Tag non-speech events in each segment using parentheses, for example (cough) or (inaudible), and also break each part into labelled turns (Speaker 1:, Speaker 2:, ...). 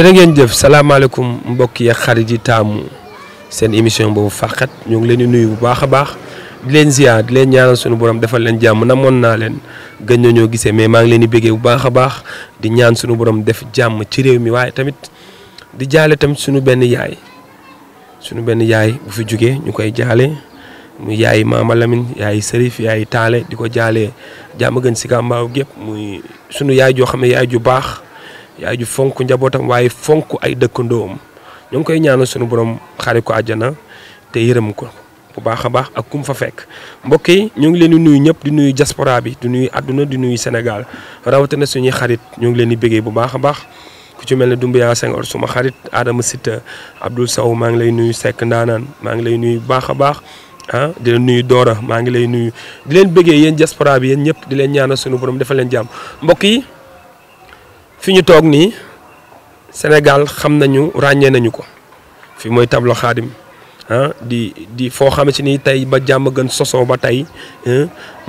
Speaker 1: jërë ngeen jëf salaamaaleykum mbokk yi xarit yi taamu seen émission boobu fàqat ñu ngi leen nuyu bu baax a baax di leen ziar di leen ñaanal suñu borom defal leen jàmm moon naa leen gën ñoo gisee mais maa ngi leen di bu baax a baax di ñaan suñu borom def jàmm ci réew mi waaye tamit di jaale tamit suñu benn yaay suñu benn yaay bu fi jógee ñu koy jaale muy yaay maamalamin Lamine yaay Serif yaay Taale di ko jaale jàmm gën si kàmbaaw gépp muy sunu yaay joo xam ne yaay ju baax yaay ju fonk njabootam waaye fonk ay dëkkandoom ñoo ngi koy ñaanal sunu borom xaari ko àjjana te yërëm ko. bu baax a baax ak kum fa fekk mbokk yi ñu ngi leen di nuyu ñëpp di nuyu diaspora bi di nuyu àdduna di nuyu Sénégal rawatina suñu xarit ñu ngi leen di bëggee bu baax a baax ku ci mel ne Doumbouya Senghor suma xarit Adama Sita Abdoul saw maa ngi lay nuyu Seck Ndaanaan maa ngi lay nuyu bu baax a baax ah di leen nuyu doora maa ngi lay nuyu di leen bëggee yéen jasporaa bi yéen ñëpp di leen ñaanal suñu borom defal leen jàmm mbokk yi fi ñu toog nii Sénégal xam nañu ràññee nañu ko mooy tableau ah di di foo xamante ni tey ba jàmm gën sosoo ba tey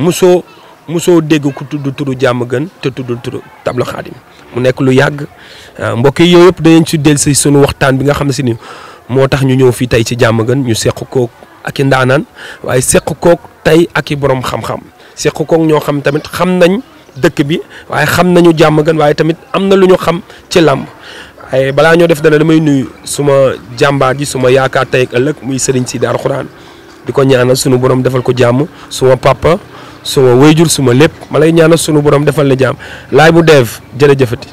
Speaker 1: musoo musoo dégg ku tudd turu jàmm gën te tudd turu tabla xaadim mu nekk lu yàgg ah, mbokk yi yooyu yëpp danañ si del si sunu waxtaan bi nga xam si ni moo tax ñu ñëw fii tey ci jàmm gën ñu seq kook ak i ndaanaan waaye seq kook tey ak i boroom xam-xam seq kook ñoo xam tamit xam nañ dëkk bi waaye xam nañu jàmm gën waaye tamit am na lu ñu xam ci làmb ay eh, balaa ñoo def dana damay nuyu suma jàmbaar ji suma yaakaar tey ak ëllëg muy sëriñ si daar xuraan di ko ñaanal sunu boroom defal ko jàmm suma pàppa suma wéyjur suma lépp ma lay ñaanal sunu borom defal na jàmm laay bu deev jërëjëfati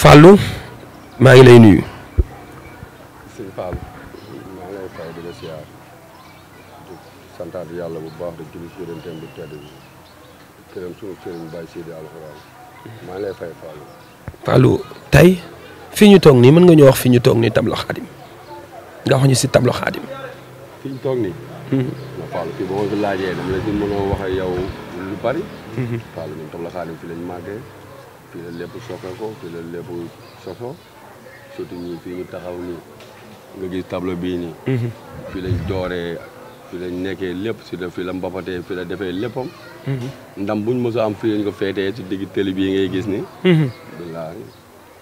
Speaker 1: Fallou maa ngi lay nuyu.
Speaker 2: santaat yàlla bu baax di julli ci bi këram sunu sëriñ Baye Sidi maa ngi lay fay Fallou.
Speaker 1: Fallou tey fii ñu toog nii mën nga ñu wax fi ñu toog nii tabla xaadim nga wax ñu si tabla xaadim.
Speaker 2: fi ñu toog nii. Hmm. ma Fallou fii boo ko laajee dama la ci mën a wax ak yow lu bari. Hmm. Fallou ñun tabla xaadim fii lañ màggee fii la lépp soxla ko fii la lépp soso surtout ñii fii ñu taxaw nii nga gis tableau bii nii. Hmm. fii lañ dooree fii lañ nekkee lépp si la fii la mbapatee fii la defee léppam. ndam buñ mos am fii lañ ko feetee si digg télé bii ngay gis ni.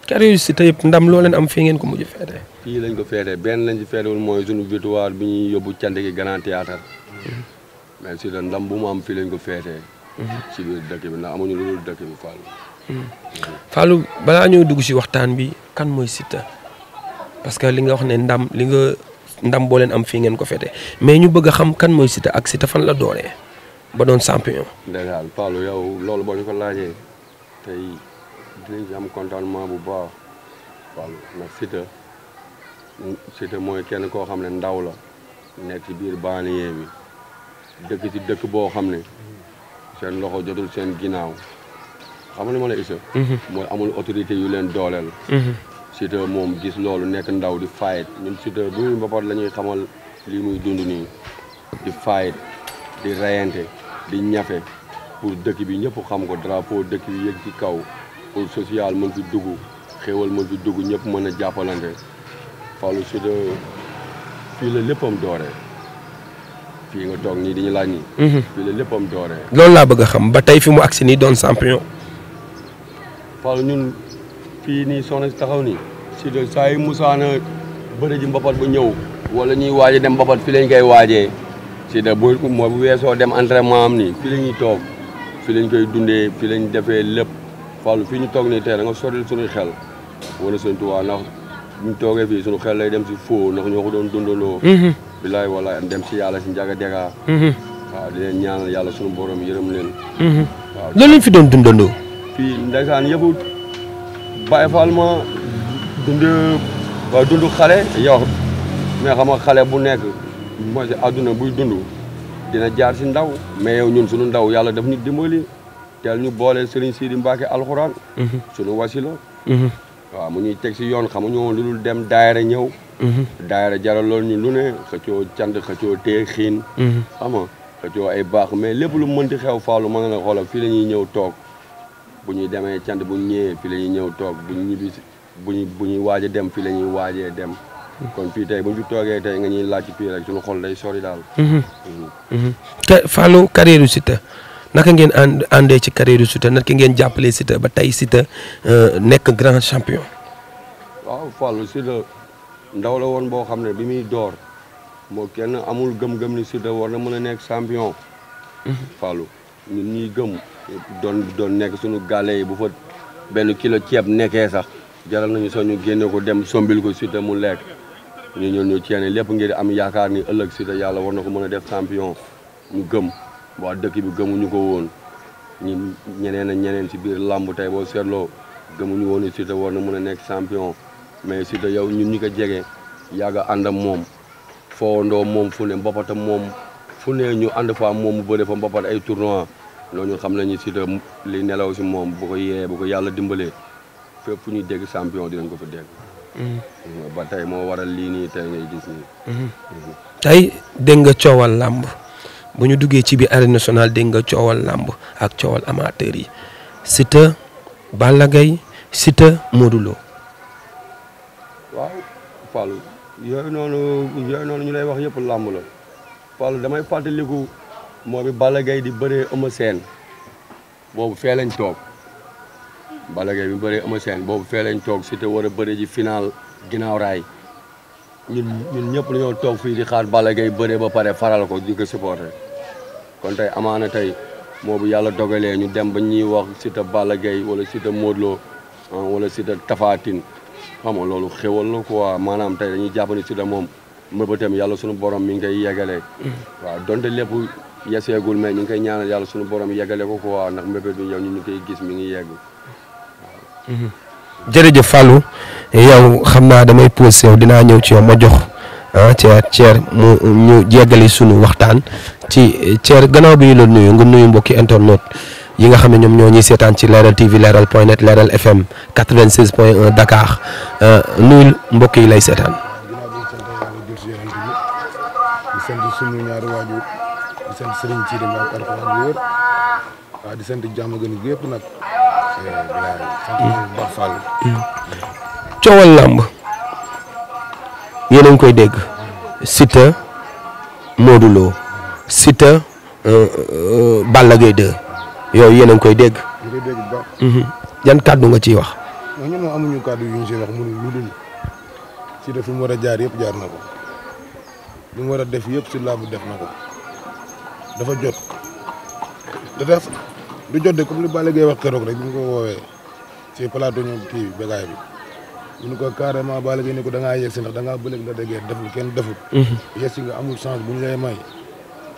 Speaker 1: carrière Siteu yëpp ndam looleen leen am fii ngeen ko mujj feete.
Speaker 2: fii lañ ko feete benn lañ ci feetewul mooy suñu victoire bi ñuy yóbbu cant gi Grand Théâtre mais Siteu ndam bu mu am fii lañ ko feetee. ci biir dëkk bi ndax amuñu lu dul dëkk bi
Speaker 1: Fallou. balaa ñuy dugg si waxtaan bi kan mooy Siteu parce que li nga wax ne ndam li nga ndam boo leen am fii ngeen ko feete mais ñu bëgg a xam kan mooy Siteu ak Siteu fan la dooree ba doon champion.
Speaker 2: dëgg la Fallou yow loolu boo ñu ko laajee République am contentement bu baax waaw ndax Siteu Siteu mooy kenn koo xam ne ndaw la nekk ci biir banlieue bi dëkk ci dëkk boo xam ne seen loxo jotul seen ginnaaw xam nga li ma la isa mhm. mooy amul autorité yu leen dooleel mhm. Siteu moom gis loolu nekk ndaw di fayit ñun Siteu bu ñu mbapat la ñuy xamal lii muy dund nii di fayit di reyante di ñafe pour dëkk bi ñëpp xam ko drapeau dëkk bi yëg ci kaw pour social mën fi dugg xéewal mën fi dugg ñëpp mën a jàppalante Fallou Sida fii la léppam dooree fii nga toog nii diñu laaj nii. Mhm. fii la léppam dooree. loolu laa
Speaker 1: bëgg a xam ba tey fi mu agsi nii doon champion.
Speaker 2: Fallou ñun fii nii soxna si taxaw nii. Sida saa yu musaana bëri ji mbapat ba ñëw. wala ñuy waaje dem mbapat fi lañ koy waajee. Sida mooy bu weesoo dem entraînement am nii fii la toog fii lañ koy dundee fii lañ defee lépp. Fallou fii ñu toog nii tey da nga soril suñuy xel wala sëñ Tuubaa ndax ñu toogee fii suñu xel lay dem si foo ndax ñoo ko doon dundaloo mhm. bilaay walaay dem si yàlla si njaga degaa mhm. waaw di leen ñaanal yàlla suñu borom yërëm leen mhm. waaw loolu lañ
Speaker 1: fi doon dundandoo
Speaker 2: fii ndeysaan yëpp Baye Fall ma dund waaw xale yow mais xam xale bu nekk mooy si àdduna buy dund dina jaar si ndaw mais yow ñun suñu ndaw yàlla daf ñu teel ñu boole Serigne Sidi Mbacke alxuraan. Mhm. sunu wasila. Mhm. waaw mu ñuy teg si yoon xamuñu woon lu dul dem daayira ñëw. Mhm. daayira lool ñu lu ne xëccoo cant xëccoo tee xiin. xam nga xëccoo ay baax mais lépp lu mënti xew faalu mën na la xoolal fii la ñuy ñëw toog bu ñuy demee cant bu ñu ñëwee fii la ñëw toog bu ñu ñibbi bu ñu bu ñuy waaj a dem fii la ñuy waajee dem. kon fii tey bu ñu fi toogee nga ñuy laaj fii rek suñu xol day sori daal.
Speaker 1: te Fallou carrière Siteu naka ngeen ànd àndee ci carrière Siteu naka ngeen jàppalee Siteu ba tey Siteu euh, nekk grand champion.
Speaker 2: waaw Fallou Siteu ndaw la woon boo xam ne bi muy door moo kenn amul gëm-gëm ni Siteu war na mën a nekk champion. Mhm. Fallou ñun ñuy gëm doon doon nekk suñu gàlle yi bu fa benn kilo ceeb nekkee sax jaral nañu soo ñu génne ko dem sombil ko Siteu mu lekk ñu ñun ñu ceene lépp ngir am yaakaar ni ëllëg Siteu yàlla war na ko mën a def champion ñu gëm. waa dëkk bi gëmuñu ko woon ñu ñeneen ak ñeneen si biir làmb tey boo seetloo gëmuñu woon ni Siteu war na mun a nekk champion mais Siteu yow ñun ñi ko jege yàgg a ànd ak moom foowandoo moom fu ne mbapat moom fu ne ñu ànd fa moom mu bëre fa mbapat ay tournoi loolu ñu xam nañu Siteu li nelaw si moom bu ko yee bu ko yàlla dimbalee fépp fu ñuy dégg champion dinañ ko fa dégg. Mm-hmm. ba tey moo waral lii nii tey ngay gis nii. Mm-hmm.
Speaker 1: tey dégg nga làmb. bu ñu duggee ci biir arène nationale dégg nga coowal làmb ak coowal amateur yi Siteu Balla Gaye Siteu Modou Lo
Speaker 2: waaw yooyu noonu noonu ñu lay wax yëpp làmb la damay fàttaliku moo bi Balla Gaye di bëree Eumeu Sène boobu fee lañ toog Balla Gaye bi bëree Eumeu Sène boobu fee lañ toog Siteu war a bëri ji final ginnaaw raay ñun ñun ñëpp dañoo toog fii di xaar Balla gay bëree ba pare faral ko di ko supporter kon tey amaana tey moo bu yàlla dogalee ñu dem ba ñuy wax Siteu Balla Gaye wala Siteu Modou Lo ah, wala Siteu Tapha Tine xam nga loolu xéwal na quoi maanaam tey dañuy jàpp ne Siteu moom mbëbëtam yàlla suñu borom mi ngi koy yegalee mm. waaw donte lépp yeseegul mais ñu ngi koy ñaanal yàlla suñu borom yegale ko quoi ndax mbébét bi yow ñu ngi koy gis mu ngi yegg waaw mm-hmm.
Speaker 1: jërëjëf Fallou xam naa damay posé yow dinaa ñëw ci yow ma jox ah Thier Thier mu ñu jéggali sunu waxtaan ci Thier gannaaw bi ñu la nuyu nga nuyu mbokki internet yi nga xam ne ñoom ñoo ñuy seetaan ci Leral TV Leral point net Leral FM 96 point 1 Dakar ah, nuyul mbokk yi lay seetaan.
Speaker 3: di sant sunu ñaari waajur di sant Serigne Thierno Mbaye Alxuraan wér waaw
Speaker 1: coowal làmb. yéen ngi koy dégg Siteu Modou Lo Siteu euh, euh, Balla yooyu yéen a ngi koy dégg. Mhm. yan kàddu nga ciy wax.
Speaker 3: waaw ñun moom amuñu kàddu yu ñu si wax mu ne lu dul Siteu fi mu war a jaar yëpp jaar na ko li mu war a def yëpp si làmb def na ko dafa jot dafa du jot de comme li Balla wax keroog rek bi mu ko woowee si plateau ñu kii bégaay bi. ñu ne ko carrément Balla Gaye ne ko da ngaa yegsi ndax da ngaa bëleeg la déggee def lu kenn deful mhm. yegsi nga amul chance bu ñu may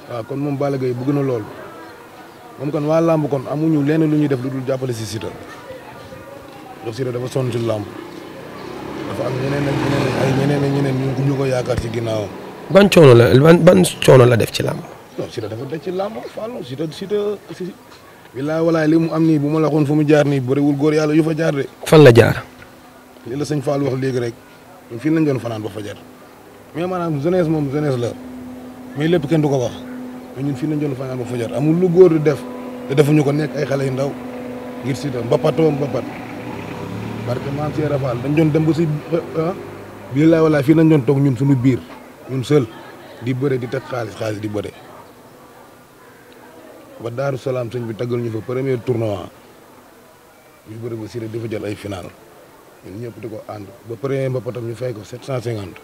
Speaker 3: waaw kon moom Balla Gaye bëgg na loolu moom kon waa làmb kon amuñu lenn lu ñuy def lu dul jàppale si Siteu ndax Siteu dafa sonn ci làmb dafa am ñeneen ñeneen ay ñeneen ak ñu ko yaakaar ci ginnaawam
Speaker 1: ban coono la ban ban coono la def ci làmb
Speaker 3: non Siteu dafa def ci làmb Fallou Siteu Siteu bilaay li mu am nii bu ma la waxoon fu mu jaar nii bëriwul góor yàlla yu fa jaar de
Speaker 1: fan la jaar
Speaker 3: li la sëñ Fall wax léegi rek fii nañ doon fanaan ba fajar mais maanaam jeunesse moom jeunesse la mais lépp kenn du ko wax mais ñun fii nañ doon fanaan ba fajar amul lu góor di def te defuñu ko nekk ay xale yu ndaw ngir si tam mbapatoo mbapat parce que maam Cheikh Rafal dañ doon dem ba si ah, bii laay walaay fii nañ doon toog ñun suñu biir ñun seul di bëre di teg xaalis xaalis di bëre ba Daaru Salaam sëñ bi taggal ñu fa premier tournoi ñu bëre ba di dafa jël ay finaal ñun ñëpp di ko ànd ba premier mbëpp tam ñu fay ko 750.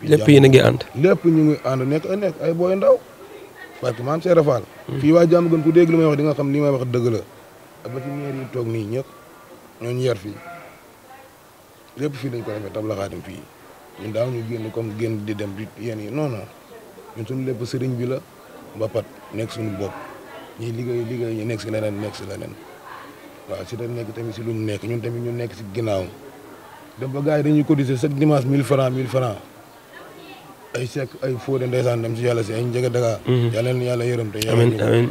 Speaker 1: lépp yéen a ngi ànd.
Speaker 3: lépp ñu ngi ànd nekk ay nekk ay booy ndaw. parce que maam Seydou Fall. Hmm. fii waa jàmm gën ku dégg li may wax di nga xam li may wax dëgg la. ba ci maire yi toog nii ñëpp ñooñu yar fii lépp fii dañ ko defee tabla xaatim fii ñun daaw ñu génn comme génn di dem di yéen yi non non ñun suñu lépp sëriñ bi la ba pat nekk suñu bopp ñuy liggéey liggéey ñu nekk si leneen nekk si leneen. waaw si dañ nekk tamit si lu nekk ñun tamit ñu nekk si ginnaaw dem ba gars yi dañuy cotiser chaque dimanche 1000 francs 1000 francs ay sekk ay Fodé ndeysaan dem si yàlla si ay njëge daga mhm. yàlla na yàlla yërëm te yàlla amiin amiin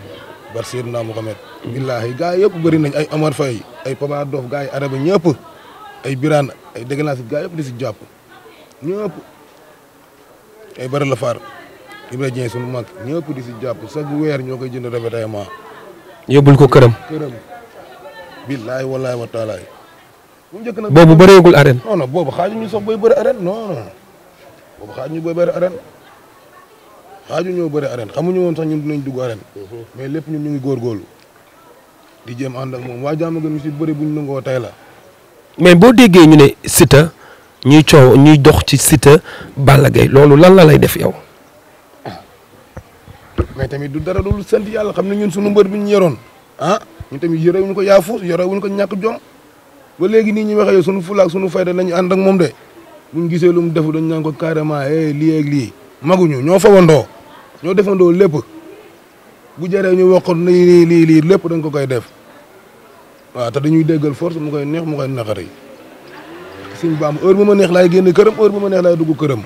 Speaker 3: bar Seydina Mohamed mhm. billaahi gars yi yëpp nañ ay Omar Faye ay Papa Dof gars yi araba ñëpp ay Birane ay dégalanci gars yëpp di si jàpp ñëpp ay bari la faar Ibrahima sunu mag ñëpp di si jàpp chaque weer ñoo koy jënd ravitaillement
Speaker 1: yóbbul ko këram
Speaker 3: këram billaay walaay wa taalaay. bu njëkk nag boobu bëreegul arène. non non boobu xaajuñu sax booy bëri arène non non boobu xaajuñu booy bëri arène xaajuñu ñoo xamuñu woon sax ñun dinañ dugg arène. Mhm. mais lépp ñun ñu ngi góorgóorlu di jéem ànd ak moom waa jàmm gën bari bu ñu buñ nangoo tey la. mais boo
Speaker 1: déggee ñu ne Siteu ñuy coow ñuy dox ci Siteu Balla Gaye loolu lan la lay def
Speaker 3: yow. mais tamit du dara dul sant yàlla xam ne ñun suñu mbër bi ñu yoroon ah. ñu tamit yorewuñu ko yaa fuus yorewuñu ko ñàkk jom ba léegi nii ñu waxee sunu fulaak sunu fayda lañu ànd ak moom de mu gisee lu mu defu dañ naan ko carrément eh lii ak lii maguñu ñoo fawandoo ñoo defandoo lépp bu jaree ñu wax na lii lii lépp dañ ko koy def waaw te dañuy déggal force mu koy neex mu koy naqari suñ baam heure bu ma neex laay génn këram heure bu ma neex lay dugg këram.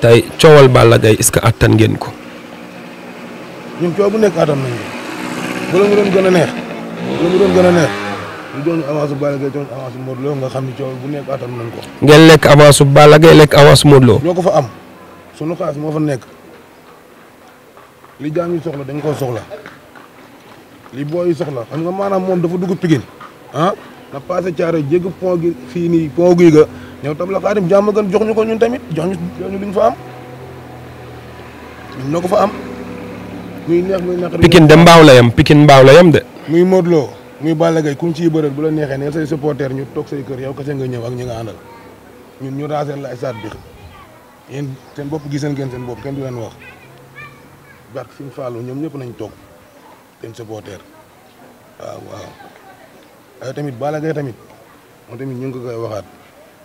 Speaker 1: tey coowal Balla Gaye est-ce que ko.
Speaker 3: ñun coow bu nekk attan ko a neex. loolu a neex ñu jox ñu avance bu Balla Gaye jox ñu avance bu Modou Lo nga xam ni coow bu nekk atam nañ ko.
Speaker 1: ngeen lekk avance bu Balla Gaye lekk avance bu Modou Lo.
Speaker 3: doo ko fa am sunu moo fa nekk li jaam yi soxla dañ koo soxla li booy soxla xam nga maanaam moom dafa dugg Pikine ah na passé Thiaroye nii pont guy ga ñëw tam jox ko ñun tamit jox ñu jox ñu luñ am ñun na muy neex muy naqari de mbaaw la yam
Speaker 1: Pikine mbaaw la yam de.
Speaker 3: muy Modou loo muy Balla Gaye ku ñu ciy bu la neexee neel say supporters ñu toog say kër yow kese nga ñëw ak ñu nga àndal ñun ñu raser la stade bi yéen seen bopp giseen ngeen seen bopp kenn du leen wax barke suñu fàllu ñoom ñëpp nañ toog seen supporter waaw waaw ay tamit Balla Gaye tamit moom tamit ñu ngi ko koy waxaat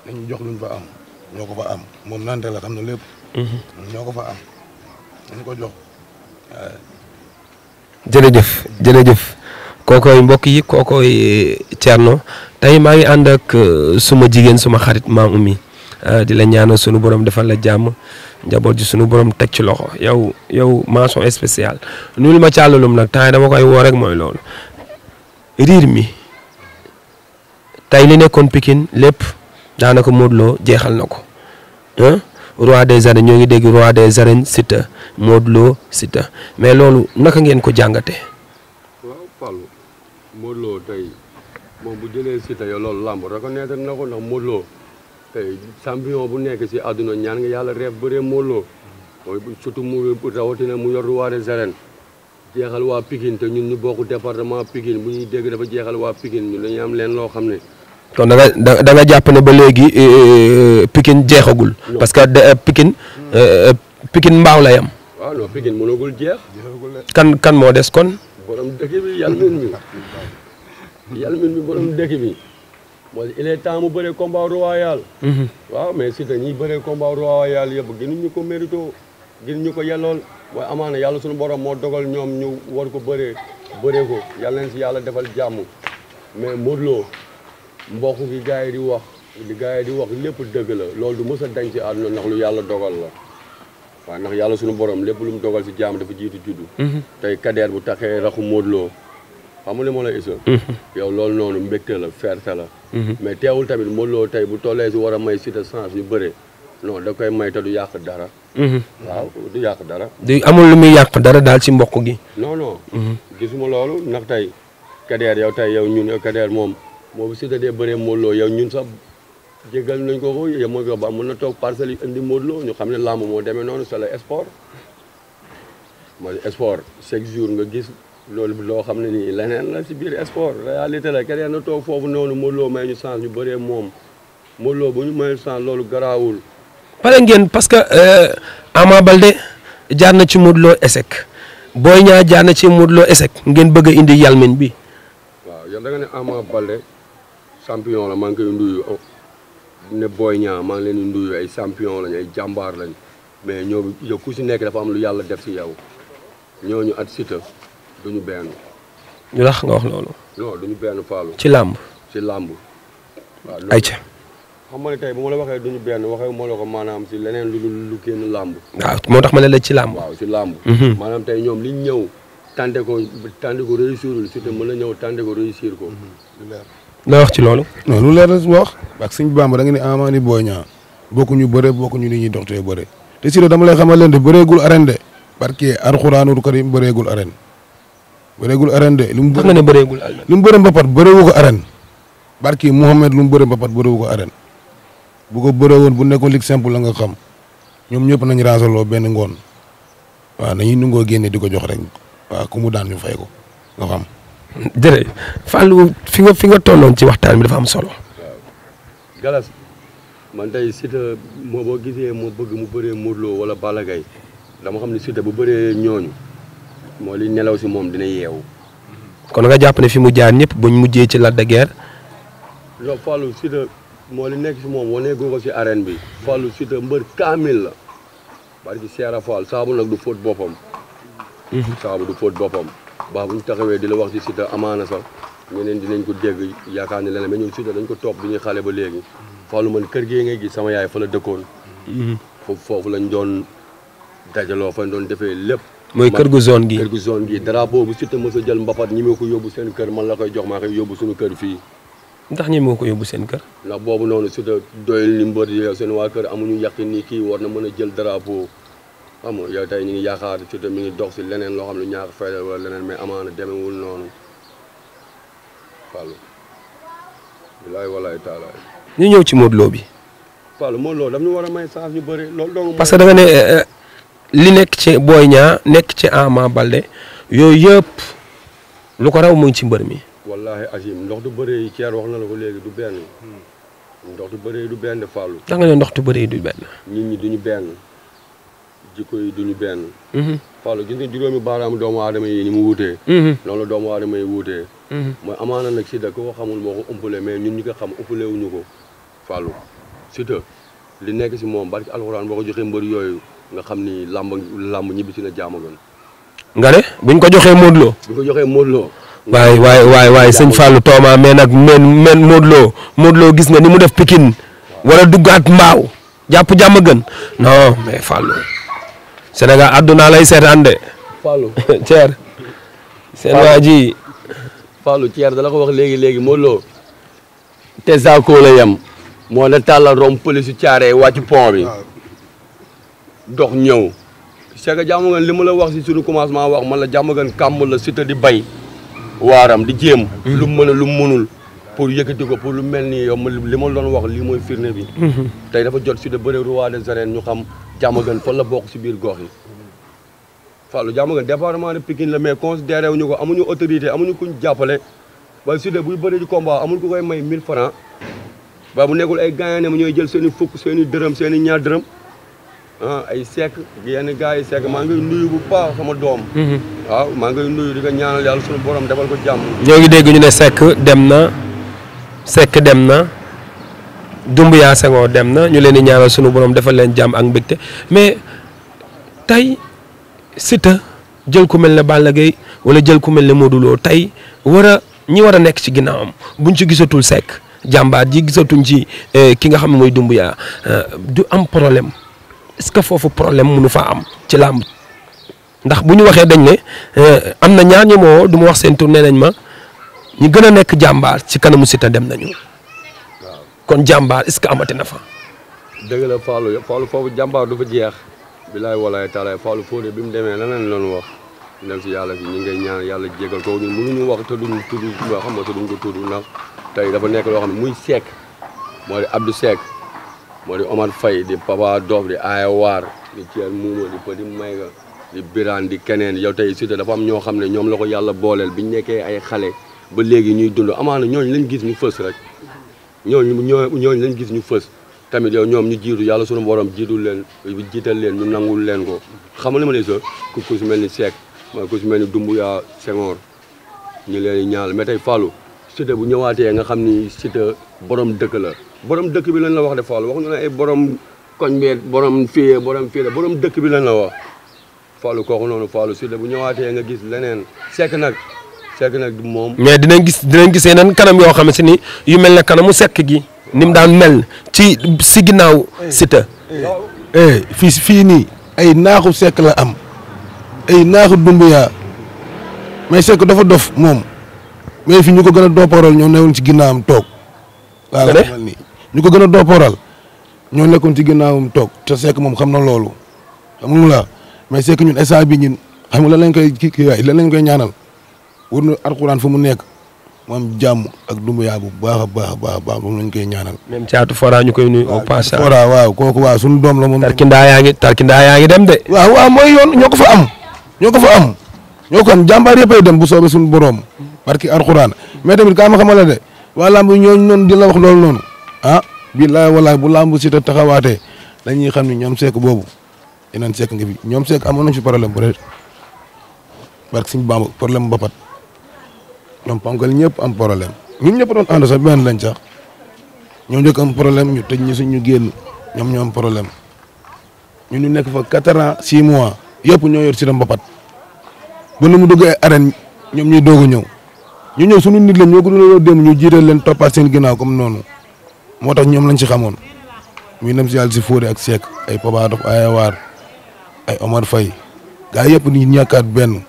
Speaker 3: dañ jox luñ fa am ñoo ko fa am moom nante la xam na lépp mhm. ñoo ko fa am dañ ko jox
Speaker 1: jërëjëf jërëjëf kookoy mbokk yi kookoy eh, Thierno tey maa ngi ànd ak eh, suma jigéen suma xarit maam Oumy eh, di la ñaanal sunu borom defal la jàmm njaboot ji sunu borom teg ci loxo yow yow mention spéciale nuyul ma càllalum nag temps dama koy woo rek mooy loolu riir mi tey li nekkoon Pikine lépp daanaka Modou Lo jeexal na ko roi des arènes ñoo ngi dégg roi des arènes Siteu Modou Lo mais loolu naka ngeen ko jàngate
Speaker 2: Modou Lo tey moom bu jëlee Siteu yow loolu làmb reconnaître na ko ndax Modou Lo tey champion bu nekk si àdduna ñaan nga yàlla reef ba Modou Lo mooy surtout mu rawatina mu yor roi des arènes jeexal waa Pikine te ñun ñu bokk département Pikine bu ñuy dégg dafa jeexal waa Pikine ñu dañuy am leen loo xam ne.
Speaker 1: kon da nga da jàpp ne ba léegi eh, eh, Pikine jeexagul. parce que eh, Pikine Pikine mbaaw lay am.
Speaker 2: waaw ah non Pikine jeex.
Speaker 1: kan kan moo des kon. borom
Speaker 2: dëkk bi yàlla nañu yàlla min bi borom dëkk bi mooy il est temps mu bëree combat royal. Mhm. waaw mais si te ñi bëree combat royal yëpp gënuñu ko mérito gënuñu ko yellool mooy amaana yàlla suñu borom moo dogal ñoom ñu war ko bëree bëree ko yàlla leen si yàlla defal jàmm mais Modou Lo mbokk gi gars yi di wax di gars di wax lépp dëgg la loolu du mës a dañ ci àdduna ndax lu yàlla dogal la waaw ndax yàlla suñu borom lépp lu mu dogal si jàmm dafa jiitu juddu. Mhm. tey kadeer bu taxee raxu Modou xamul li ma lay isa mhm. yow loolu noonu mbégte la fierté la mhm. mais teewul tamit Modou Lo tey bu tollee si war a may Siteu chance yu bëre non da koy may te du yàq dara mhm. waaw du yàq dara du amul lu muy yàq dara daal si mbokk gi non non gisuma loolu ndax tey Kader yow tey yow ñun Kader moom boobu Siteu dee bëree Modou Lo yow ñun sax jégal nañ ko ko yow mooy ko na toog parcelles yi indi Modou Lo ñu xam ne làmb moo demee noonu c'est le sport mooy sport chaque jour nga gis loolu loo xam ne nii leneen la si biir sport réalité la keneen na toog foofu noonu Modou Lo may ñu chance ñu bëree moom Modou Lo bu ñu may chance loolu garaawul.
Speaker 1: pare ngeen parce que euh, Ama Balde jaar na ci Modou Lo échec Boy Niang jaar na ci Modou Lo échec ngeen bëgg a indi yalmin bi.
Speaker 2: waaw yow da nga ne Ama Balde champion la maa ngi koy nduyu ne Boy Niang maa ngi leen di nduyu ay champion lañ ay jàmbaar lañ mais ñoo yow ku si nekk dafa am lu yàlla def si yow ñooñu at duñu benn.
Speaker 1: ñu tax nga wax loolu.
Speaker 2: non duñu benn Fallou. ci làmb. ci làmb. waaw ayca. xam nga ne tey bu ma la waxee duñu benn waxee ma la ko maanaam si leneen lu lu kenn làmb.
Speaker 1: waaw moo
Speaker 3: tax ma ne la ci làmb.
Speaker 2: waaw ci làmb. Mhm. maanaam tey ñoom liñ ñëw. tànte ko tànte ko réussirul surtout mën na ñëw tànte ko réussir ko. Mhm,
Speaker 3: la wax ci loolu. non lu leer la wax. ak suñu bàmba da nga ni Ama ni Boy Niang bokkuñu bëre bokkuñu ni ñuy doxtee bëre te si dama lay xamal leen de bëreegul arène de parce que alxuraanul karim bëreegul arène. bëreegul arène de. li mu bëreegul arène. li mu bëre mbapat bëreewu ko arène barki Mouhamed lu mu bëre mbapat bëreewu ko arène bu ko bëree woon bu nekkoon ligue simple la nga xam ñoom ñëpp nañ raasaloo benn ngoon waaw nañu nungoo génne di ko jox rek waaw ku mu daan ñu ko nga xam. jërëjëf Fallou nga fi ci waxtaan bi dafa am solo. waaw
Speaker 2: Galas man tey boo gisee moo mu bëree Modou Lo wala Balla Gaye dama xam ne Siteu bu bëree ñooñu. mooy li nelaw si moom dina yeewu.
Speaker 1: kon nga jàpp ne fi mu jaar ñëpp buñ mujjee ci Lac de Guiers.
Speaker 2: loolu Fallou nekk si moom waneegu ko si arène bi Fallou Siteu mbër kaamil la barki Seera Fall saabu nag du fóot boppam. Mhm. saabu du fóot boppam. baax bu ñu taxawee di la wax si Siteu amaana sax ñeneen dinañ ko dégg yaakaar ne leneen mais ñun Siteu dañ ko topp bi ñuy xale ba léegi. Fallou man kër gee ngay gis sama yaay fa la dëkkoon. Mhm. foofu lañ doon dajaloo fañ doon defee lépp. mooy kër gu zone gi kër gu zone gi dara a jël mbapat ñi ko yóbbu seen kër man la koy jox maa koy yóbbu suñu kër fii
Speaker 1: ndax ñi moo ko yóbbu seen kër
Speaker 2: ndax boobu noonu surtout doyul li mbër yi seen waa kër amuñu yàq ni kii war na mën a jël drapeau xam nga yow tey ñu ngi yaakaar surtout mi ngi dox si leneen loo xam ne ñaar fayda wala leneen mais amaana demewul noonu Fallou bilaay walaay taalaay
Speaker 1: ñu ñëw ci Modou bi
Speaker 2: Fallou Modou Lo ñu war a may chance
Speaker 1: li nekk ci booy ñaa nekk ci Ama Baldé yooyu yëpp lu ko raw mu ci mbër mi.
Speaker 2: wallaahi Azim ndox du bëree yi wax na la ko léegi du benn. Hmm. ndox du bëree du benn Fallou.
Speaker 1: da nga ne ndox du bëree du benn.
Speaker 2: nit ñi duñu benn jikko yi duñu benn. Hmm. Fallou gis nga juróomi baaraamu doomu aadama yi ni mu wuutee. loolu hmm. doomu adama yi wuutee. mooy amaana nag Siteu ko xamul moo ko umpale mais ñun ñi ko xam umpale wuñu ko Fallou Siteu li nekk si moom barki alxuraan boo ko joxee yooyu. nga xam ni làmb làmb ñibbisi na jaamagon.
Speaker 1: nga ne buñ ko joxee Modou Lo.
Speaker 2: buñ ko joxee Modou Lo.
Speaker 1: waay waay waay waay sëñ Fallou Tooma mais nag men men Modou gis nga ni mu def Pikine wala duggaat mbaaw jàpp jàmm gën non mais Fallou Sénégal lay seetaan de. Fallou (laughs) Thier. seen ji.
Speaker 2: Fallou Thier dala ko wax léegi léegi Modou Lo. te Zarko la yem. moo ne tàllal rom police caaree wàcc pont dox ñëw c'est que jàmm ngeen li ma la wax si suñu commencement wax man la jàmm ngeen kàmm la Siteu di bay waaram di jéem hmm. lu mën a lu mënul pour yëkkati ko pour lu mel nii yow li ma doon wax lii mooy firnde bi hmm. tey dafa jot Siteu bëre roi des arènes ñu xam jàmm ngeen fan la bokk si biir gox yi Fallou jàmm ngeen département de Pikine la mais considéré wuñu ko amuñu autorité amuñu kuñ jàppale ba Siteu buy bëri di combat amul ku koy may 1000 francs ba bu nekkul ay gaañaane mu ñooy jël seen i fukk ah ay sekk yenn gaa yi sekk maa ngi nuyu bu baax sama doom. Mhm. waaw maa ngi nuyu di ko ñaanal yàlla suñu borom defal ko jàmm.
Speaker 1: ñoo ngi dégg ñu ne sekk dem na sekk dem na Dumbuya Senghor dem na ñu leen di ñaanal suñu borom defal leen jàmm ak mbégte mais tey Siteu jël ku mel ne Balla Gaye wala jël ku mel ne Modou tey war a ñi war a nekk ci ginnaawam buñ ci gisatul sekk jàmbaar ji gisatuñ ci eh, ki nga xam ne mooy Dumbuya eh, du am problème. est-ce que foofu problème mënu faa am ci làmb ndax bu ñu waxee dañ ne euh, am na ñaar ñu moo du ma wax seen tur nee nañ ma ñu gën a nekk jàmbaar ci kanamu Siteu dem nañu. kon jàmbaar est-ce que amati na fa.
Speaker 2: dëgg la Fallou Fallou foofu jàmbaar du fa jeex. bilaay walaay taalaay Fallou Fodé bi mu demee leneen loolu wax. dem si yàlla ñu ngi ñaar yàlla jégal ko ñun mu wax ñu duñ tudd loo xam ne te duñ ko tey dafa nekk loo xam ne muy Seck mooy Abdou Seck. moo di Omar fay di Papa Dof di Ayawaar di Thiel Muuma di Petit Mayga di Birane di keneen yow tey Siteu dafa am ñoo xam ne ñoom la ko yàlla booleel bi ñu nekkee ay xale ba léegi ñuy dund amaana ñooñu lañu gis ñu fës rek ñooñu ñooñu lañ gis ñu fës tamit yow ñoom ñu jiitu yàlla sunu borom jiitu leen jiital leen ñu nangul leen ko xam nga ma ne sa ku ku si mel ni Seck ku si mel ni yaa Senghor ñu leen ñaal mais tey Fallou Siteu bu ñëwaatee nga xam ni Siteu borom dëkk la borom dëkk bi lañ la wax de Fallou wax na ay borom koñ beet borom fii borom fii borom dëkk bi lañ la wax Fallou kooku noonu Fallou Siteu bu ñëwaatee nga gis leneen sekk nag sekk nag moom.
Speaker 1: mais dinañ gis dinañ gis yeneen kanam yoo xam si ni yu mel ne kanamu sekk gi ni mu daan mel
Speaker 3: ci si ginnaaw Siteu. Eh, eh, fii fii nii ay naaxu sekk la am ay naaxu dumbuyaa mais sekk dafa dof moom. mais fi ñu ko gën a dooparal ñoo newoon ci ginnaawam toog. waaw xamal ni ñu ko gën a dooparal ñoo nekkoon ci ginnaawam toog te Seck moom xam na loolu xam nga la mais Seck ñun instant bi ñun xam nga lan koy kii waay lan koy ñaanal wër na fu mu nekk mu am jàmm ak dumbuyaa bu baax a baax a baax moom lañ koy ñaanal. même caatu Fora ñu koy nuyu au passage. Fora waaw kooku waaw suñu doom la moom. tarkindaa yaa ngi tarkindaa yaa dem de. waaw waaw mooy yoon ñoo ko fa am ñoo ko fa am ñoo ko am jàmbaar yëppay dem bu soobee suñu boroom barki alxuraan mais tamit kaa ma xamal la de waa lamb ñooñu noonu di la wax loolu noonu ah billaay walaay bu lamb si ta taxawaatee dañuy xam ni ñoom seek boobu yeneen seek nga fi ñoom seek amoon nañu fi problème peut-être barki suñu bamba problème mbapat ñoom ponkal ñëpp am problème ñun ñëpp doon ànd sax lañ sax ñoom njëkk problème ñu tëj ñu suñ ñu génn ñoom ñoom problème ñu ñu nekk fa quatre ans six mois yëpp ñoo yor si mbapat ba nu mu duggee arène ñoom ñuy doog ñëw. ñu ñëw suñu nit lañ ñoo ko doon dem ñu jiital leen toppaat seen ginnaaw noonu moo tax ñoom lañ si xamoon muy dem si yàlla si Fodé ak seek ay Papa Dof ay Awaar ay Omar Faye gaa yëpp ni ñàkkaat benn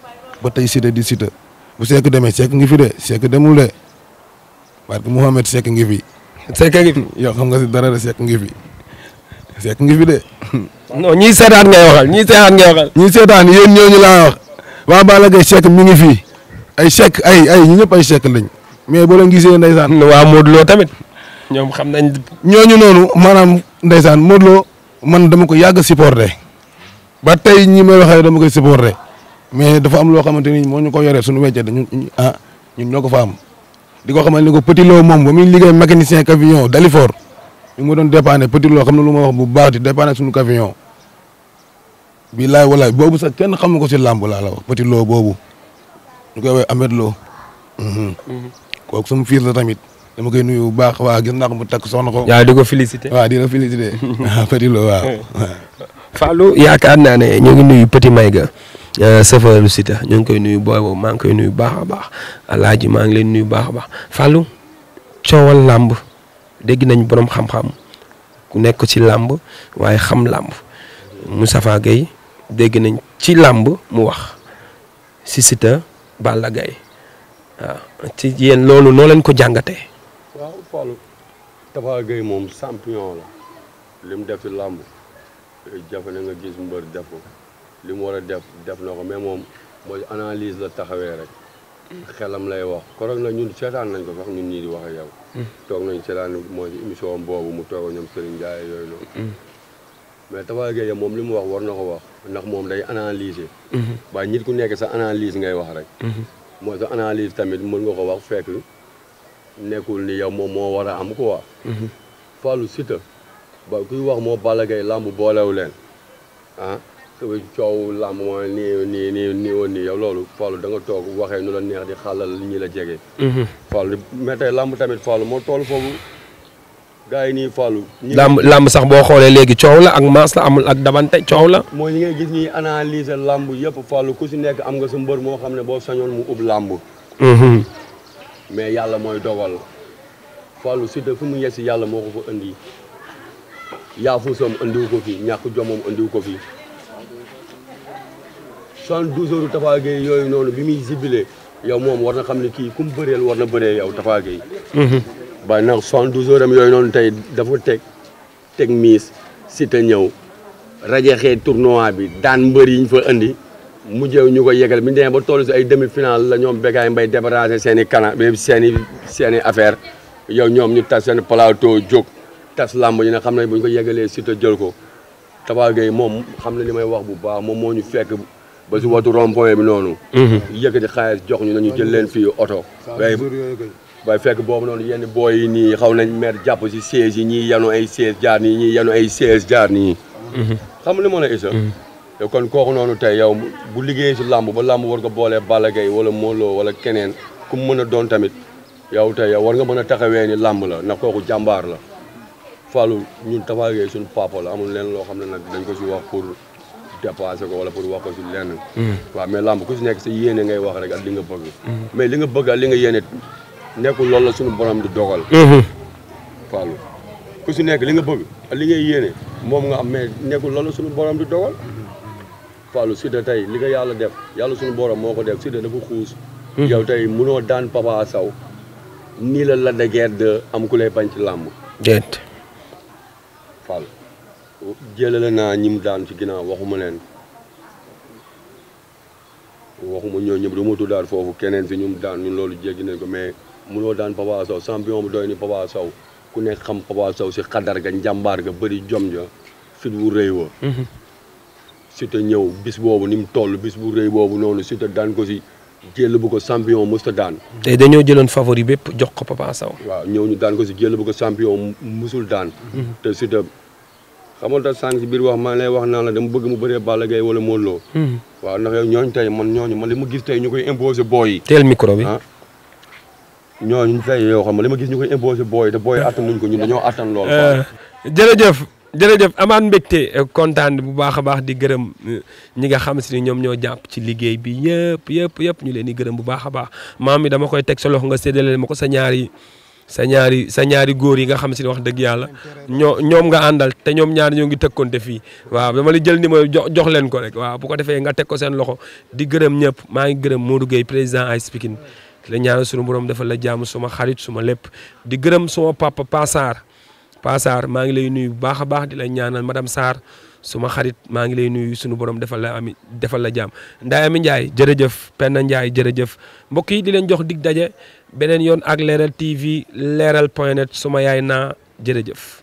Speaker 3: ba tey Siteu di Siteu bu Seck demee Seck ngi fi de Seck demul de parce que Mouhamed Seck ngi fi. Seck ngi fi yow xam nga de Seck ngi fi Seck ngi fi de. non ñii seetaan ngay waxal ñii seetaan ngay waxal. laa wax waa Balla Gaye Seck mi ngi fi. ay sek ay ay ñu ñëpp ay sek lañ mais boo leen gisee ndeysaan. waa Modou Lo tamit ñoom xam nañ. ñooñu noonu maanaam ndeysaan Modou man dama ko yàgg supporté ba tey ñi may waxee dama koy supporté mais dafa am loo xamante ni moo ñu ko yoree suñu wecce dañu ah, ñun ñoo ko am. di ko xamal ni ko Petit Lo moom ba muy liggéey mécanicien camion Dalifor ñu ma doon dépanner Petit loo xam ne lu ma wax bu baax di dépanner suñu camion. bilaay walaay boobu sax kenn xamu ko si làmb laa la wax Petit Lo boobu. ñu koy woowee Ameth Lo. Mhm. kooku sama fils la tamit. dama koy nuyu bu baax waa gis naa mu takk soxna ko. waaw di ko félicité. waaw di la félicité. (laughs) Petit Lo eh. waaw. Fallou yaakaar naa ne ñoo ngi
Speaker 1: nuyu Petit Maïga. sëfëru Siteu ñu ngi koy nuyu booy maa ngi koy nuyu baax a baax alaaji maa ngi leen nuyu baax a baax Fallou coowal làmb dégg nañ boroom xam-xam ku nekk ci làmb waaye xam làmb Moustapha Gueye dégg nañ ci làmb mu wax si Siteu Balla Gaye waaw ci yéen loolu noo leen ko jàngatee.
Speaker 2: waaw Fallou Tapha Gueye moom champion la li mu def ci làmb jafe na nga gis mbër def ko li mu war a def def na ko mais moom mooy analyse la taxawee rek xelam lay wax korog na ñun seetaan nañ ko sax ñun ñii di wax ak mm. toog nañ seetaan mooy émission boobu mu toog ñoom Serigne Ndiaye yooyu noonu. Mm. mais Tapha Gueye moom li mu wax war na ko wax ndax moom day analyser. waaye mhm. nit ku nekk sa analyse ngay wax rek. Mhm. moo sa analyse tamit mën nga ko wax fekk nekkul ni yow moom moo war a am quoi. Mhm. Fallou Siteu ba kuy wax moo bala Gaye làmb boolewu leen ah te coow làmb mooy nii nii nii nii woon nii yow loolu Fallou da toog waxee nu la neex di xàllal ñi la jege. Fallou mais tey làmb tamit Fallou moo toll foofu. gaa yi nii Fallou. làmb làmb sax boo xoolee léegi
Speaker 1: coow la ak maas la amul ak dabante coow la.
Speaker 2: mooy ñi ngay gis ñuy analyser làmb yëpp Fallou ku si nekk am nga sa mbër moo xam ne boo sañoon mu ub làmb. Mhm. mais yàlla mooy dogal Fallou Siteu fu mu yegg si yàlla moo ko fa indi yaafuusam andiwu ko fi ñàkk jomam andiwu ko fi. son heures Tapha Gueye yooyu noonu bi muy zibilé yow moom war na xam ne kii ku mu bëreel war na bëree yow Tapha Gueye. Mhm. waaye nag soixante-douze heures am yooyu noonu tey dafa teg teg miis si te ñëw rajaxee tournoi bi daan mbër yi ñu fa indi mujjew ñu ko yegal bi ñu demee ba toll si ay demi final la ñoom Bécaye Mbaye débarrassé seeni i kana seen i seen i affaire yow ñoom ñu tas seeni plateau jóg tas làmb ñu na xam ne bu ñu ko yegalee si te jël ko Tapha Gueye moom xam na li may wax bu baax moom moo ñu fekk ba si watu rond-point bi noonu mhm. yëkkati xaalis jox ñu nañu jël leen fi oto waaye fekk boobu noonu yenn booy yi i xaw nañ mer jàpp si siège yi ñii yanu ay siège jaar nii ñii yanu ay siège jaar nii. Mhm. xam nga li ma la isa. te mhm. kon kooku noonu tey yow bu liggéey si làmb ba làmb war ko boolee Balla Gaye wala Modou wala keneen ku mu mën a doon tamit yow tey yow war nga man a taxawee ni làmb la na kooku jàmbaar la. Fallou ñun Tapha Gueye suñu papa la amul leen loo xam ne nag dañ ko si wax pour dépasser ko wala pour wax ko si lenn. Mhm. waaw mais làmb ku si nekk sa yéene ngay wax rek ak li nga bëgg. nekkul loolu la suñu borom di dogal. Mhm. Fallou ku si nekk li nga bëgg li ngay yéene moom nga am mais nekkul loolu la suñu borom di dogal. Fallou Siteu tey li nga def yàlla suñu borom moo ko def Siteu dafa xuus. Mhm. yow tey mënoo daan Papa Sow nii la la dëgër de am ku lay bañ ci làmb. déet. Fallou jëlale naa ñi daan ci ginnaaw waxuma leen. waxuma ñoo ñëpp du ma tuddaat foofu keneen si ñum daan ñun loolu jéggi nañ ko mais mënoo daan Papa Sow champion bu doy ni Papa Sow ku nekk xam Papa Sow si xadar ga njàmbaar ga bëri jom ja fit wu rëy wa mhm. Siteu ñëw bis boobu ni mu toll bis bu rëy boobu noonu Siteu daan ko si jël bu ko champion musta daan
Speaker 1: tey dañoo jëloon favori
Speaker 2: musul daan mhm. te Siteu xamal ta sànq si biir wax maa lay wax naa la dama bëgg mu bëree Balla Gaye wala Modou Lo mhm. waaw ndax yow ñooñu tey man ñooñu man li ma gis tey ñu koy imposé booy yi teel ñoo ñu fay yoo ma ne li ma gis ñu koy imposé booy te booy attanuñ ko ñun dañoo attan lool. Euh,
Speaker 1: jërëjëf jërëjëf amaat mbégte kontaan bu baax a baax di gërëm euh, ñi nga xam si ni ñoom ñoo jàpp ci liggéey bi yëpp yëpp yëpp ñu leen di gërëm bu baax a baax maam mi dama koy teg sa loxo nga séddale ma ko sa ñaari sa ñaari sa ñaari góor yi nga xam si ne wax dëgg yàlla ñoo ñoom nga àndal te ñoom ñaari ñoo ngi tëkkoonte fii waaw dama li jël ni ma jox jox leen ko rek waaw bu ko defee nga teg ko seen loxo di gërëm ñëpp maa ngi gërëm Modou Gueye président ay speaking di la ñaanal sunu borom dafa la jaamu suma xarit suma lépp di gërëm suma papa Passaar Passaar maa ngi lay nuyu bu baax a baax di la ñaanal madame Sarr suma xarit maa ngi lay nuyu sunu borom defal la ami defal la jaam Ndeye Amy Ndiaye jërëjëf Penda Ndiaye jërëjëf mbokk yi di leen jox dig daje beneen yoon ak leeral TV leeral point net suma yaay naa jërëjëf.